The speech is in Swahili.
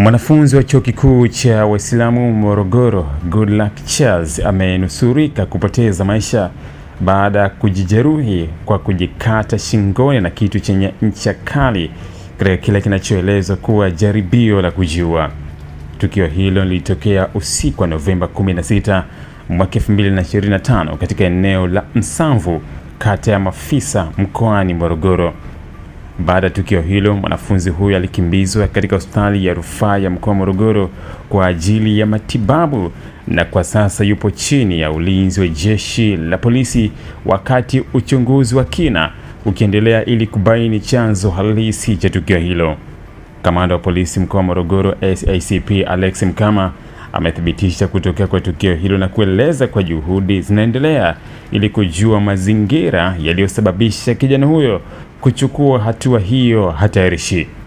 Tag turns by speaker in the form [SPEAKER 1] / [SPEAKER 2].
[SPEAKER 1] Mwanafunzi wa Chuo Kikuu cha Waislamu Morogoro, Goodluck Charles amenusurika kupoteza maisha baada ya kujijeruhi kwa kujikata shingoni na kitu chenye ncha kali katika kile kinachoelezwa kuwa jaribio la kujiua. Tukio hilo lilitokea usiku wa Novemba 16 mwaka 2025 katika eneo la Msamvu, kata ya Mafisa, mkoani Morogoro. Baada ya tukio hilo, mwanafunzi huyo alikimbizwa katika hospitali ya rufaa ya mkoa wa Morogoro kwa ajili ya matibabu na kwa sasa yupo chini ya ulinzi wa jeshi la polisi, wakati uchunguzi wa kina ukiendelea ili kubaini chanzo halisi cha tukio hilo. Kamanda wa polisi mkoa wa Morogoro SACP Alex Mkama amethibitisha kutokea kwa tukio hilo na kueleza kwa juhudi zinaendelea ili kujua mazingira yaliyosababisha kijana huyo kuchukua hatua hiyo hatarishi.